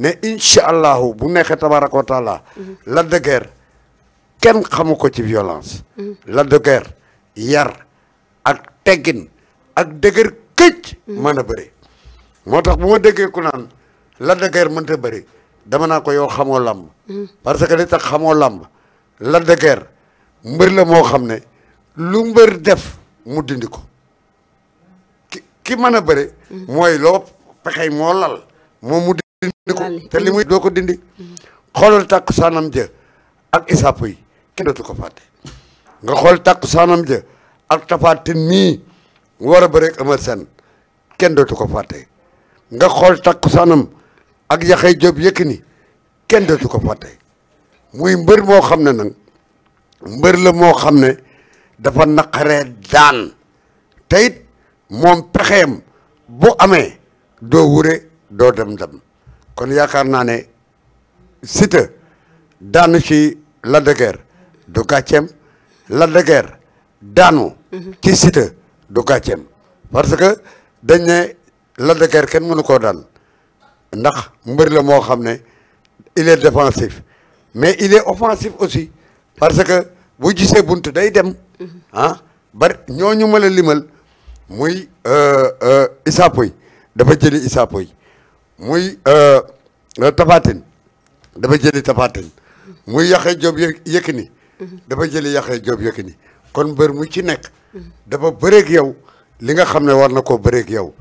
mais incha bu neexee tabaraka wa taala Lac kenn xamu ko ci violence Lac de yar ak teggin ak dëgër këcc mën a bëri moo tax bu ma déggee ku naan Lac de mënta bëri dama naa ko yow xamoo làmb parce que li tax xamoo làmb la de Guiers mbër la moo xam ne lu mbër def mu dindi ko ki ki mën a bëri mooy loo pexey moo lal moom mu ni te li muy doo ko dindi xoolal tàkku saanam jë ak isaap yi kenn dootu ko fàtte nga xool tàkku saanam jë ak tafaati nii war a bëreeg Eumeu Sène kenn dootu ko fàtte nga xool tàkku saanam ak yaxey Jóob ni kenn dootu ko fàtte muy mbër moo xam ne nag mbër la moo xam ne dafa naqaree daan te moom pexeem bu amee doo wure doo dem dem kon yaakaar naa ne Siteu daanu ci Lac de Guiers du gàcceem Lac daanu ci Siteu du gàcceem parce que dañ ne Lac de kenn mënu koo daal ndax mbër la moo xam ne il est mais il est offensif aussi parce que bu gisee bunt day dem ah bari ñooñu ma limal muy euh, euh, Issa Pouye dafa jëli Issa Pouye muy euh, Euh, tafatin dafa jëli tafatin muy yaxee joob Yékini dafa jëli yaxee joob Yékini kon mbër mu ci nekk dafa bëreek yow li nga xam ne war na koo bëreek yow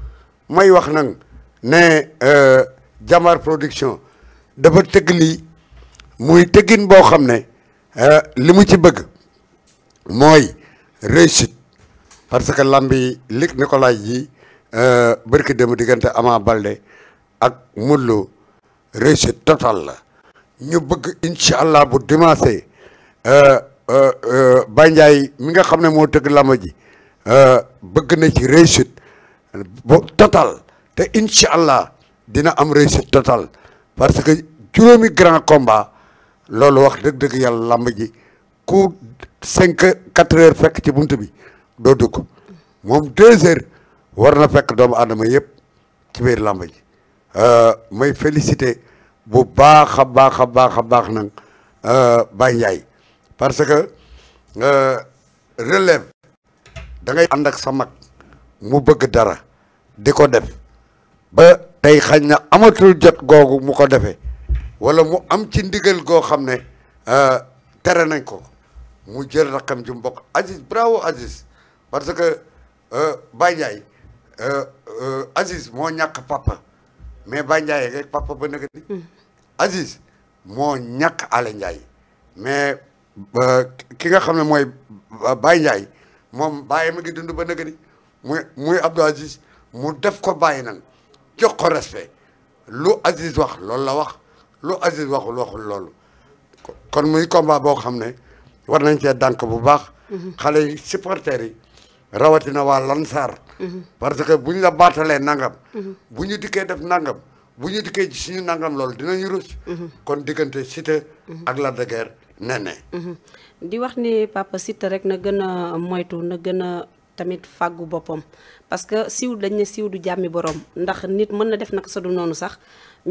may wax nag ne euh, jamar production dafa tëgg lii muy tëggin boo xam ne euh, li mu ci bëgg mooy réussite parce que lambi Luc Nicolaï ji bërki dem diggante Ama Baldé ak Modou réussite totale la ñu bëgg incha allah bu dimanche euh, euh, euh, Baye Ndiaye mi nga xam ne moo tëgg lama ji bëgg na ci réussite total te incha allah dina am réussite total parce que juróomi grand combat loolu wax dëgg-dëgg yàlla làmb ji ku cinq quatre heures fekk ci bunt bi doo dugg moom deux heures war na fekk doomu adama yëpp ci biir làmb ji Euh, may félicité bu baax a baax a baax a baax nag euh, Baye Ndiaye parce que euh, relève da ngay ànd ak sa mag mu bëgg dara di ko def ba tey xañ na amatul jot googu mu ko defee wala mu am ci ndigal goo xam ne tere nañ ko mu jël rakam ju mbokk Aziz bravo Aziz parce que Baye Ndiaye Aziz moo ñàkk papa mais Baye Ndiaye rek papa ba nag di hmm. Aziz moo ñàkk Alé Ndiaye mais ki nga xam ne mooy Baye Ndiaye moom Baye ma ngi dund ba nag mu muy muy Abdou Aziz mu def ko bàyyi nan jox ko respect lu Aziz wax loolu la wax lu Aziz waxul waxul loolu kon muy combat boo xam ne war nañ cee dànk bu baax hmm. xale yi yi rawatina waa Lansar. Mhm. parce que bu ñu la baatalee nangam. Mhm. bu ñu dikkee def nangam. bu ñu dikkee ci suñu nangam loolu dinañu rus. Mhm. kon diggante Siteu ak Lac de Guiers nene di wax ni papa Siteu rek na gën a moytu na gën a tamit fàggu boppam parce que siiw dañ ne siw du jàmmi boroom ndax nit mën na def naka sa du noonu sax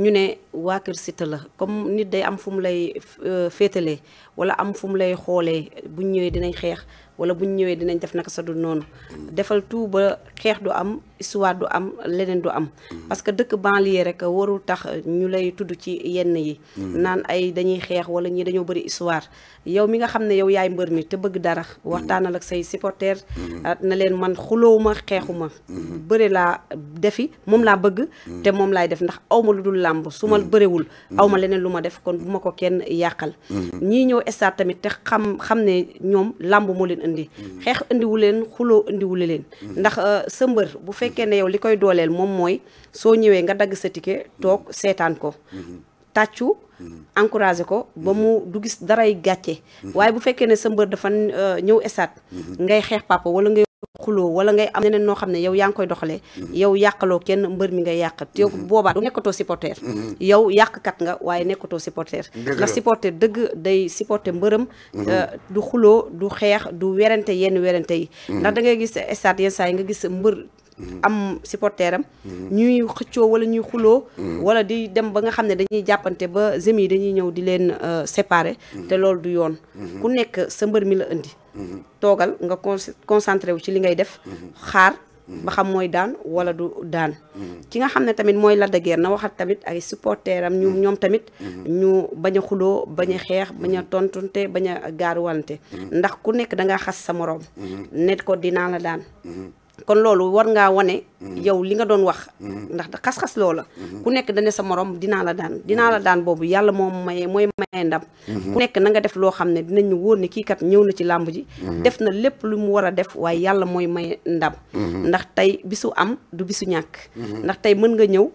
ñu ne waa kër Siteu la comme nit day am fu mu lay euh, féetalee wala am fu mu lay xoolee buñ ñëwee dinañ xeex wala buñ ñëwee dinañ def naka sa du noonu defal tout ba xeex du am histoire du am leneen du am parce que dëkk banlieue rek warul tax ñu lay tudd ci yenn yi naan ay dañuy xeex wala ñii dañoo bëri histoire yow mi nga xam ne yow yaay mbër mi te bëgg dara waxtaanal ak say mm-hmm. ah, xeexuma ma bëre laa defi moom laa bëgg te moom laay def ndax awma lu dul làmb su ma bëriwul awma leneen lu ma def kon bu ma ko kenn yàqal ñii ñëw stade tamit te xam xam ne ñoom làmb moo leen indi xeex indiwu leen xuloo indiwule leen ndax euh, sa mbër bu fekkee ne yow li koy dooleel moom mooy soo ñëwee nga dagg sa ticket toog seetaan ko tàccu encouragé ko ba mu du gis daray gàcce waaye bu fekkee ne sa mbër dafa euh, ñëw stade ngay xeex papa wala ngay xuloo wala ngay am neneen noo xam ne yow yaa ngi koy doxalee mm-hmm. yow yàqaloo kenn mbër mi nga yàq te yow mm-hmm. boobaa du nekkatoo supporter mm-hmm. yow yàqkat nga waaye nekkatoo supporter ndax supporter dëgg day supporter mbërëm euh, du xuloo du xeex du werante yenn werante yi ndax da ngay gis stade yenn saa yi nga gis mbër am supporteram ñuy xëccoo wala ñuy xuloo wala di dem ba nga xam ne dañuy jàppante ba zemi yi dañuy ñëw di leen euh, séparer te loolu du yoon ku nekk sa mbër mi la indi toogal nga concentré wu ci li ngay def xaar ba xam mooy daan wala du daan ci nga xam ne tamit mooy Lac de Guiers na waxat tamit ay supporter am ñu ñoom tamit ñu bañ a xuloo bañ a xeex bañ a tontunte bañ a gaaruwante ndax ku nekk da nga xas sa moroom mm-hmm. ne ko dinaa la daan kon loolu war ngaa wane mm-hmm. yow li nga doon wax mm-hmm. ndax da xas-xas loola mm-hmm. ku nekk dane sa morom dinaa la daan dinaa la daan boobu yàlla moom mayee mooy mayee ndam ku nekk nanga def loo xam ne dinañu wóor ne kii kat ñëw na ci làmb ji def na lépp lu mu war a def waaye yàlla mooy maye ndam ndax tey bisu am du bisu ñàkk ndax tey mën nga ñëw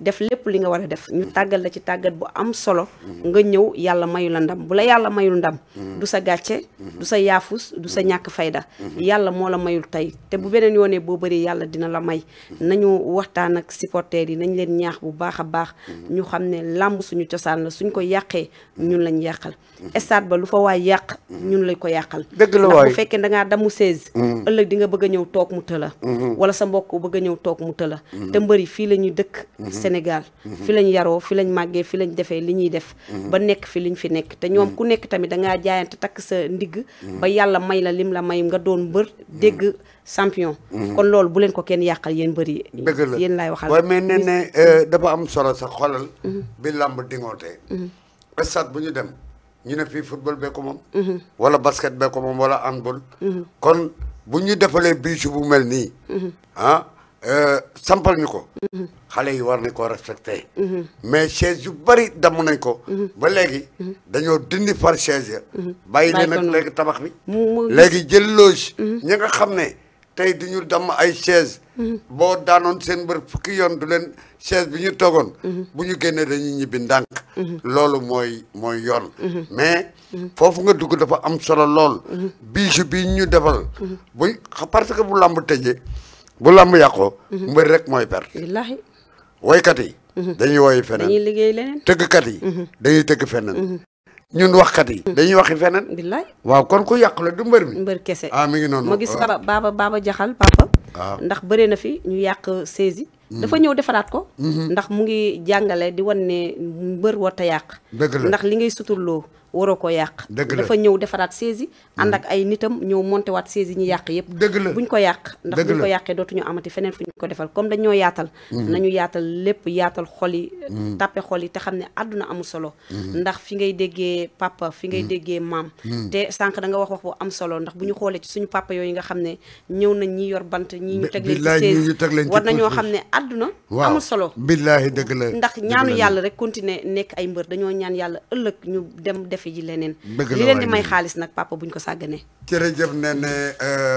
def lépp li nga war a def ñu tàggal la ci tàggat bu am solo nga ñëw yàlla mayu la ndam bu la yàlla mayul ndam du sa gàcce du sa yaafus du sa ñàkk fayda yàlla moo la mayul tey te bu beneen yoonee boo bëree yàlla dina la may nañu waxtaan ak supporters yi nañ leen ñaax bu baax a baax ñu xam ne làmb suñu cosaan la suñ ko yàqee ñun lañ yàqal stade ba lu fa waaye yàq ñun lañ ko yàqal dëgg la waay bu fekkee dangaa damu seize mm. ëllëg di nga bëgg a ñëw toog mu tëla mm-hmm. sa mbokk bëgg ñëw toog mu la Sénégal fi lañ yaroo fi lañ màggee fi lañ defee li ñuy def ba nekk fi liñ fi nekk te ñoom ku nekk tamit dangaa jaayante takk sa ndigg ba yàlla may la lim la may nga doon mbër dégg champion kon loolu bu leen ko kenn yàqal yéen mbër yi dëgg la yéen laay waxal waaye mais nee ne euh, dafa am solo sax xoolal mhm. bi làmb dingootee mhm. stade bu ñu dem ñu ne fii football bee ko moom mhm. wala basket bee ko moom wala handball kon bu ñu defalee biisu bu mel nii ah, Euh, sampal ñu ko. Mm-hmm. xale yi war nañ koo respecté. Mm-hmm. mais chaise yu bari damm nañ ko. Mm-hmm. ba léegi dañoo dindi par chaise ya. bàyyi leen nag léegi tabax bi. léegi jël loge. ñi nga xam ne tey du ñu damm ay chaise. boo daanoon seen bër fukki yoon du leen chaise bi ñu toogoon. bu ñu génnee dañuy ñibbi ndànk. loolu mooy mooy yoon. mais foofu nga dugg dafa am solo lool. biiju bi ñu defal. buñ parce que bu làmb tëjee. bu làmb yàqoo. Mhm. mbër rek mooy perte. wallaahi. woykat yi. Mhm. dañuy woy feneen dañuy liggéey tëggkat yi. Mhm. dañuy tëgg feneen. ñun waxkat yi. dañuy waxi feneen. billaay waaw kon ku yàq la du mbër mi. mbër kese ah ngi noonu. ma gis ah. baba baaba baba jaxal papa. waaw ah. ndax bëre na fi ñu yàq saisi. dafa ñëw defaraat ko. ndax mu ngi jàngale di wan ne mbër warta yàq. dëgg la ndax li ngay suturloo. waroo ko yàq dafa ñëw defaraat saisi ànd ak ay nitam ñëw monté waat saisi ñu yàq yëpp dëgg la buñ ko yàq ndax buñ ko yàqee dootuñu amati feneen fu ñu ko defal comme dañoo yaatal mhm. nañu yaatal lépp yaatal xol yi mhm. tàppe xol yi te xam ne àdduna amul solo mhm. ndax fi ngay déggee papa fi ngay déggee maam te sànq da nga wax wax bu am solo ndax bu ñu xoolee ci suñu papa yooyu nga xam ne ñëw nañ ñi yor bant ñi ñu teg leen ci saisi war ñoo xam ne àdduna amul solo billaahi dëgg la ndax ñaanu yàlla rek continuer nekk ñu defi ji leneen. li leen di may xaalis nag papa buñ ko sàgganee. jërëjëf nee na euh,